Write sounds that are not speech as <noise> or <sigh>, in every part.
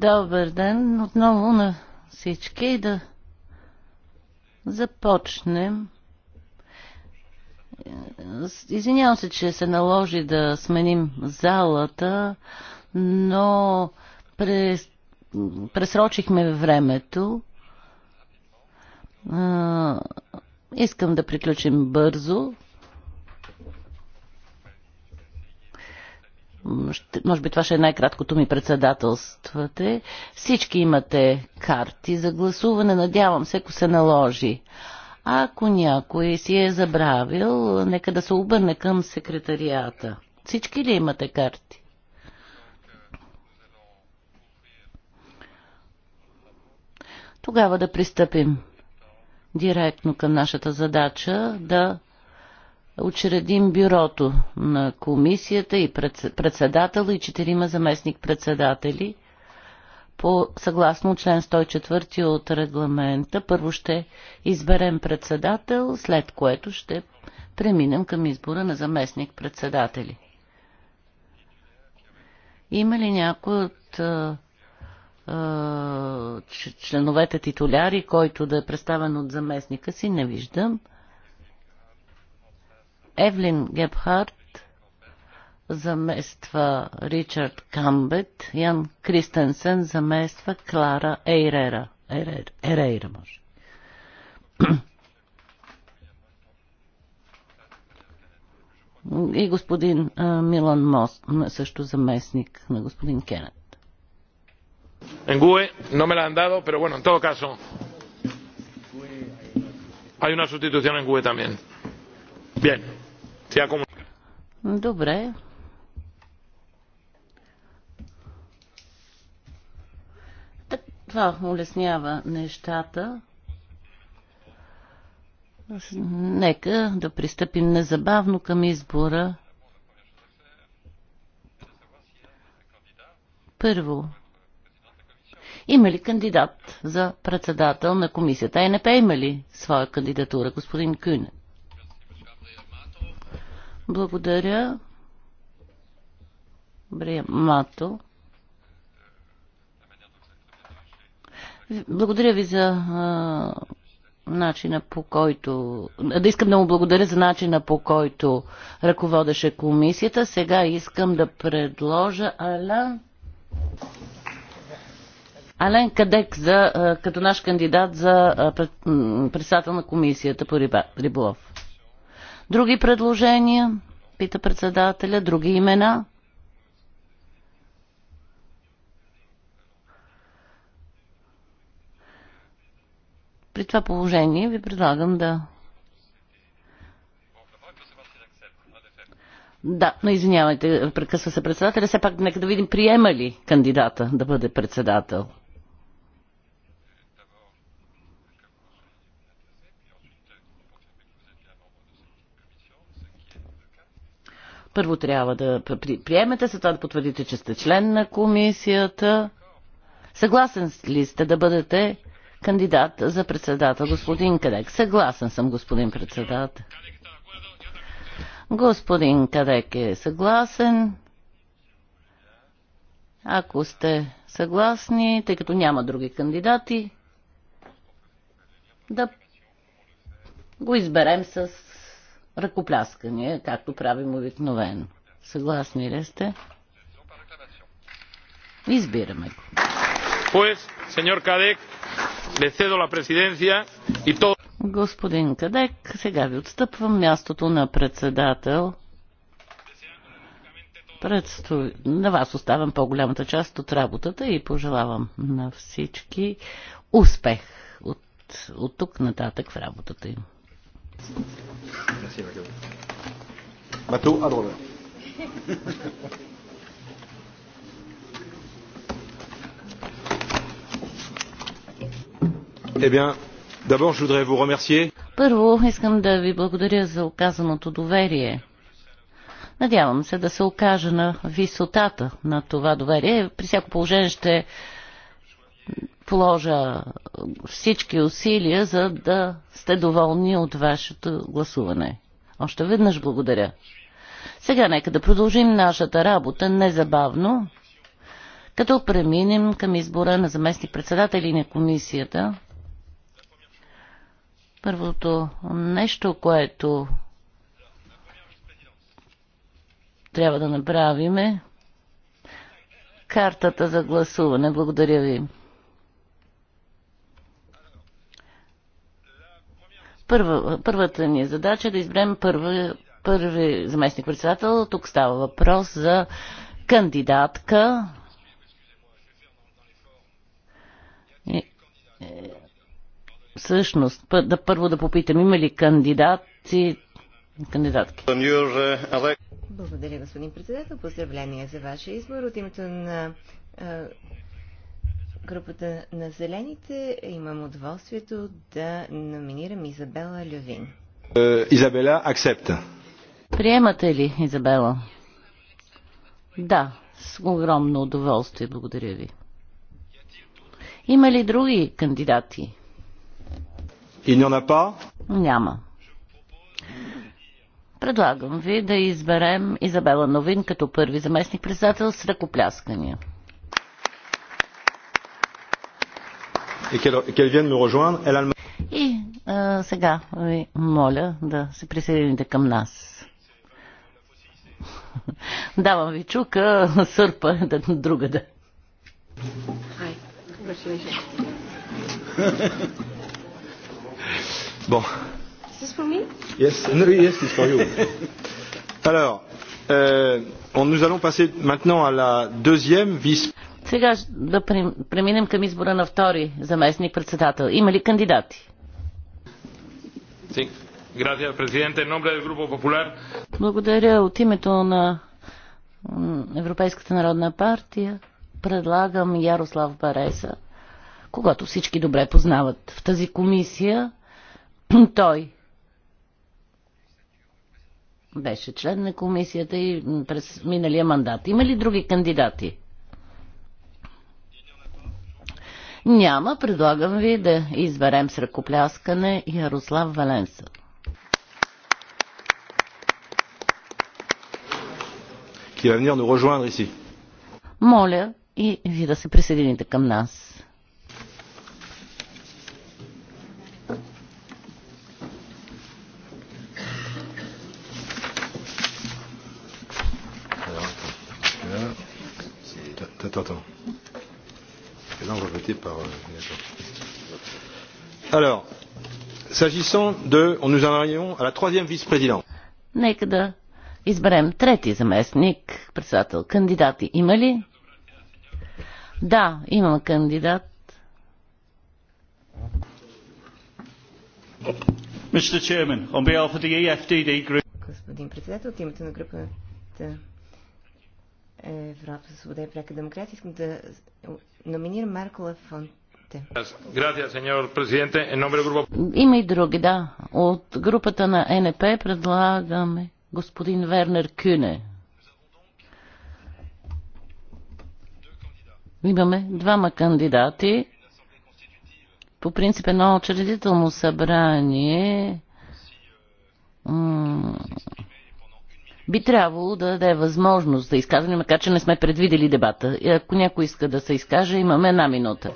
Добър ден отново на всички да започнем. Извинявам се, че се наложи да сменим залата, но през, пресрочихме времето. искам да приключим бързо, ще, може би това ще е най-краткото ми председателствате. Всички имате карти за гласуване, надявам се, ако се наложи. А ако някой си е забравил, нека да се обърне към секретарията. Всички ли имате карти? Тогава да пристъпим директно към нашата задача да учредим бюрото на комисията и председател и четирима заместник председатели по съгласно член 104 от регламента. Първо ще изберем председател, след което ще преминем към избора на заместник председатели. Има ли някой от членовете титуляри, който да е представен от заместника си? Не виждам. Евлин Гебхарт замества Ричард Камбет, Ян Кристенсен замества Клара Ейрера. Ерер, Ерейра може. И господин а, Милан Мост, също заместник на господин Кенет. Енгуе, e no me la han dado, pero bueno, en todo caso, hay una sustitución en GUE también. Bien. Добре. Това улеснява нещата. Нека да пристъпим незабавно към избора. Първо, има ли кандидат за председател на комисията? Е, пе има ли своя кандидатура, господин Кюнет? Благодаря. Мато. Благодаря ви за а, начина по който... Да искам да му благодаря за начина по който ръководеше комисията. Сега искам да предложа Алян... Ален Кадек за, като наш кандидат за председател на комисията по риболов. Други предложения? Пита председателя. Други имена? При това положение ви предлагам да. Да, но извинявайте, прекъсва се председателя. Все пак нека да видим приема ли кандидата да бъде председател. Първо трябва да приемете, след това да потвърдите, че сте член на комисията. Съгласен ли сте да бъдете кандидат за председател, господин Кадек? Съгласен съм, господин председател. Господин Кадек е съгласен. Ако сте съгласни, тъй като няма други кандидати, да го изберем с ръкопляскания, както правим обикновено. Съгласни ли сте? Избираме го. Pues, señor Кадек, le cedo la presidencia y todo... Господин Кадек, сега ви отстъпвам мястото на председател. Предсто... На вас оставям по-голямата част от работата и пожелавам на всички успех от, от тук нататък в работата им. Merci, Ma à droite. Eh bien, d'abord, je voudrais vous remercier. Първо, искам да ви благодаря за оказаното доверие. Надявам се да се окажа на висотата на това доверие. При всяко положение ще положа всички усилия, за да сте доволни от вашето гласуване. Още веднъж благодаря. Сега нека да продължим нашата работа незабавно, като преминем към избора на заместни председатели на комисията. Първото нещо, което трябва да направим е картата за гласуване. Благодаря ви. Първа, първата ни задача е да изберем първи, първи заместник-председател. Тук става въпрос за кандидатка. И, е, всъщност, да, първо да попитам, има ли кандидати, кандидатки? Благодаря, господин председател. поздравление за вашия избор. От името на групата на зелените имам удоволствието да номинирам Изабела Лювин. Е, Изабела, акцепта. Приемате ли, Изабела? Да, с огромно удоволствие, благодаря ви. Има ли други кандидати? И Няма. Предлагам ви да изберем Изабела Новин като първи заместник председател с ръкопляскания. И а, сега ви моля да се присъедините към нас. Давам ви чука, сърпа да другаде. Bon. Is this for me? Yes, no, yes, it's for you. Alors, euh, on, nous allons passer maintenant à la deuxième vice. Сега да преминем към избора на втори заместник председател. Има ли кандидати? Благодаря. От името на Европейската народна партия предлагам Ярослав Бареса, когато всички добре познават в тази комисия. <clears throat> Той беше член на комисията и през миналия мандат. Има ли други кандидати? Няма. Предлагам ви да изберем с ръкопляскане Ярослав Валенса. Моля и ви да се присъедините към нас. Attends, attends. Et là, on va voter par. Euh, Alors, s'agissant de. Nous en arrivons à la troisième vice-présidente. Нека да изберем трети заместник, председател. Кандидати има ли? Да, имам кандидат. E Господин председател, от името на групата Европа за свобода и пряка демокрация. Искам да номинирам Маркола Фонт е има и други, да. От групата на НП предлагаме господин Вернер Кюне. Имаме двама кандидати. По принцип едно учредително събрание би трябвало да даде възможност да изказване, макар че не сме предвидели дебата. И ако някой иска да се изкаже, имаме една минута.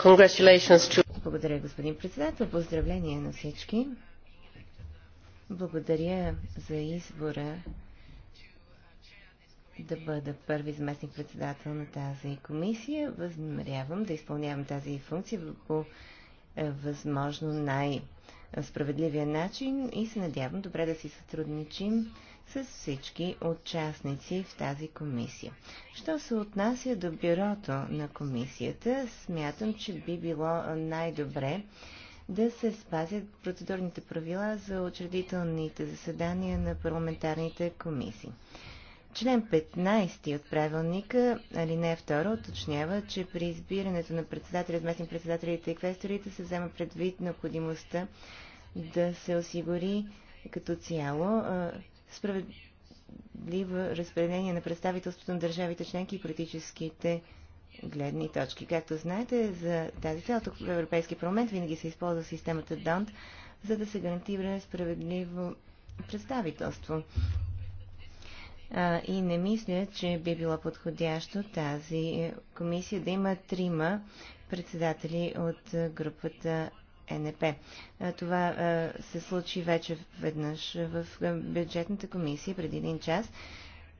Благодаря, господин председател. Поздравление на всички. Благодаря за избора да бъда първи заместник председател на тази комисия. Възнамерявам да изпълнявам тази функция по е, възможно най- справедливия начин и се надявам добре да си сътрудничим с всички участници в тази комисия. Що се отнася до бюрото на комисията, смятам, че би било най-добре да се спазят процедурните правила за учредителните заседания на парламентарните комисии. Член 15 от правилника, алинея 2, уточнява, че при избирането на председателя, заместник председателите и квесторите се взема предвид необходимостта да се осигури като цяло справедливо разпределение на представителството на държавите членки и политическите гледни точки. Както знаете, за тази цел тук в Европейския парламент винаги се използва системата ДОНТ, за да се гарантира справедливо представителство а, и не мисля, че би било подходящо тази комисия да има трима председатели от групата НП. Това а, се случи вече веднъж в бюджетната комисия преди един час.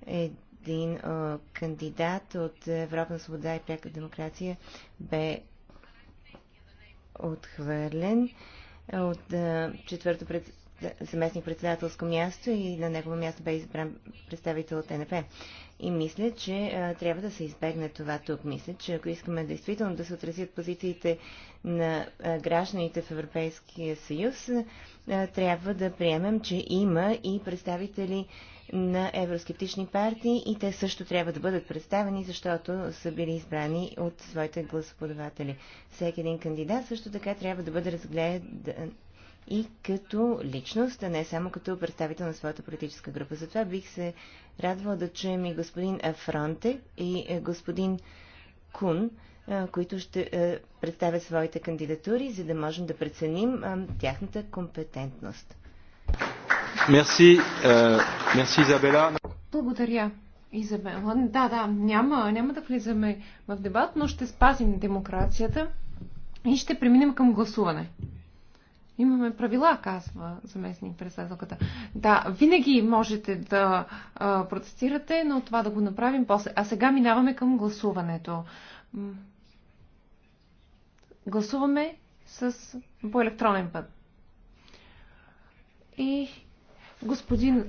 Един а, кандидат от Европа на свобода и пряка демокрация бе отхвърлен от а, четвърто заместник председателско място и на негово място бе избран представител от НП. И мисля, че а, трябва да се избегне това тук. Мисля, че ако искаме действително да се отразят позициите на а, гражданите в Европейския съюз, а, трябва да приемем, че има и представители на евроскептични партии и те също трябва да бъдат представени, защото са били избрани от своите гласоподаватели. Всеки един кандидат също така трябва да бъде разгледан и като личност, а не само като представител на своята политическа група. Затова бих се радвала да чуем и господин Афронте и е, господин Кун, е, които ще е, представят своите кандидатури, за да можем да преценим тяхната компетентност. Мерси, мерси Изабела. Благодаря, Изабела. Да, да, няма, няма да влизаме в дебат, но ще спазим демокрацията и ще преминем към гласуване. Имаме правила, казва заместник председателката. Да, винаги можете да а, протестирате, но това да го направим после. А сега минаваме към гласуването. Гласуваме с, по електронен път. И господин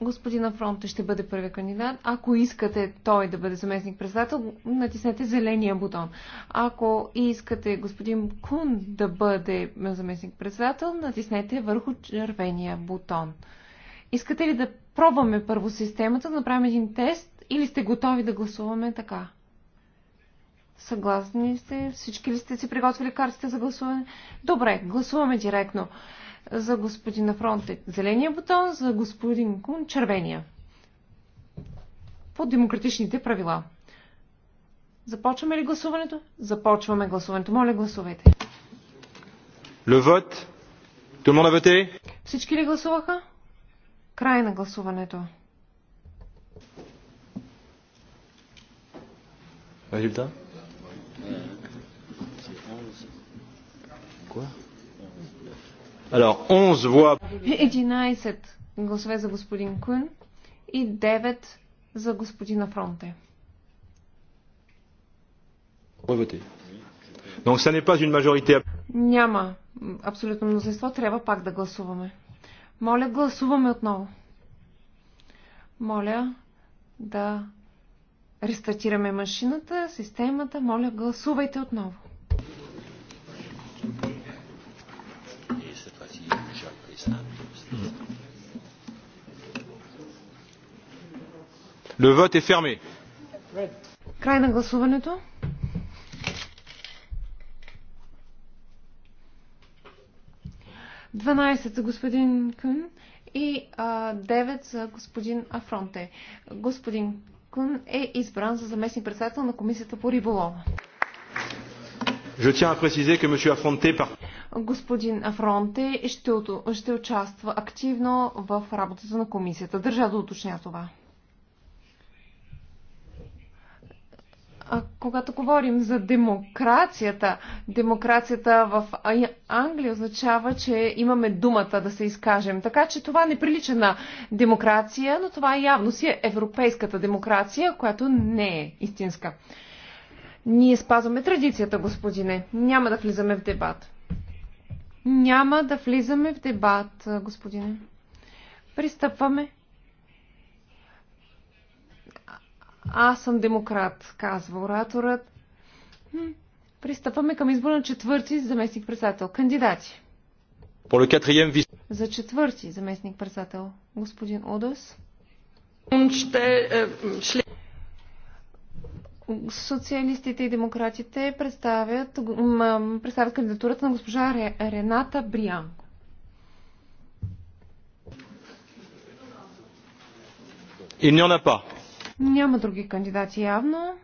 Господин Афронте ще бъде първият кандидат. Ако искате той да бъде заместник председател, натиснете зеления бутон. Ако искате господин Кун да бъде заместник председател, натиснете върху червения бутон. Искате ли да пробваме първо системата, да направим един тест или сте готови да гласуваме така? Съгласни ли сте? Всички ли сте си приготвили картите за гласуване? Добре, гласуваме директно. За господина Фронте зеления бутон, за господин Кун червения. По демократичните правила. Започваме ли гласуването? Започваме гласуването. Моля, гласувайте. Le vote. Tout le monde Всички ли гласуваха? Край на гласуването. Резултат? Alors, 11 voix. 11 гласове за господин Кун и 9 за господина Фронте. Donc, ça n'est pas une majorité. Няма абсолютно мнозинство, трябва пак да гласуваме. Моля, гласуваме отново. Моля да рестартираме машината, системата. Моля, гласувайте отново. Le vote est fermé. Край на гласуването. Дванайсет за господин Кун и девет за господин Афронте. Господин Кун е избран за заместник председател на Комисията по риболова. Je tiens à préciser que M. Affronte par... Господин Афронте ще, ще участва активно в работата на комисията. Държа да уточня това. когато говорим за демокрацията, демокрацията в Англия означава, че имаме думата да се изкажем. Така че това не прилича на демокрация, но това явно си е европейската демокрация, която не е истинска. Ние спазваме традицията, господине. Няма да влизаме в дебат. Няма да влизаме в дебат, господине. Пристъпваме Аз съм демократ, казва ораторът. Пристъпваме към избор на четвърти заместник председател. Кандидати. За четвърти заместник председател. Господин Одас. Е, Социалистите и демократите представят, представят кандидатурата на госпожа Рената Бриан. Il n'y en a pas. Няма други кандидати явно.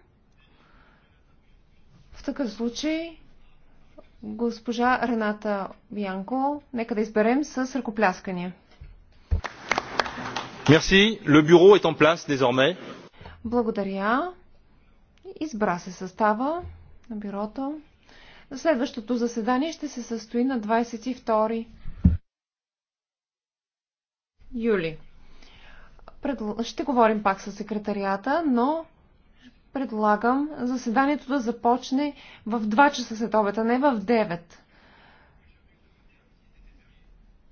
В такъв случай госпожа Рената Бянко, нека да изберем с ръкопляскания. Merci. Le bureau est en place désormais. Благодаря. Избра се състава на бюрото. Следващото заседание ще се състои на 22 юли. Предл... Ще говорим пак с секретарията, но предлагам заседанието да започне в 2 часа след обеда, не в 9.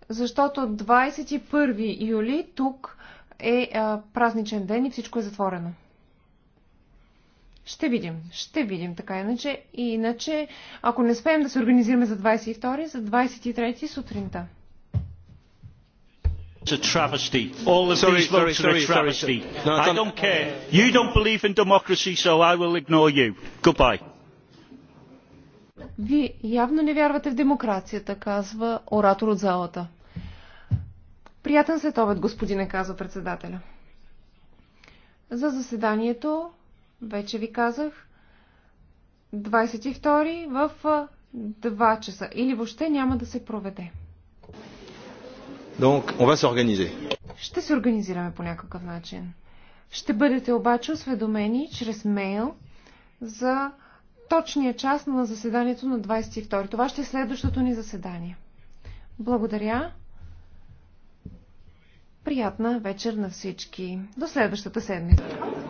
Защото 21 юли тук е а, празничен ден и всичко е затворено. Ще видим. Ще видим, така иначе. И иначе, ако не успеем да се организираме за 22, за 23 сутринта. It's a travesty. All of sorry, these votes sorry, are a travesty. Sorry, sorry. No, I don't care. You don't believe in democracy, so I will ignore you. Goodbye. Вие явно не вярвате в демокрацията, казва оратор от залата. Приятен след обед, господине, казва председателя. За заседанието, вече ви казах, 22 в 2 часа или въобще няма да се проведе. Donc, on va s'organiser. Ще се организираме по някакъв начин. Ще бъдете обаче осведомени чрез мейл за точния час на заседанието на 22. Това ще е следващото ни заседание. Благодаря. Приятна вечер на всички. До следващата седмица.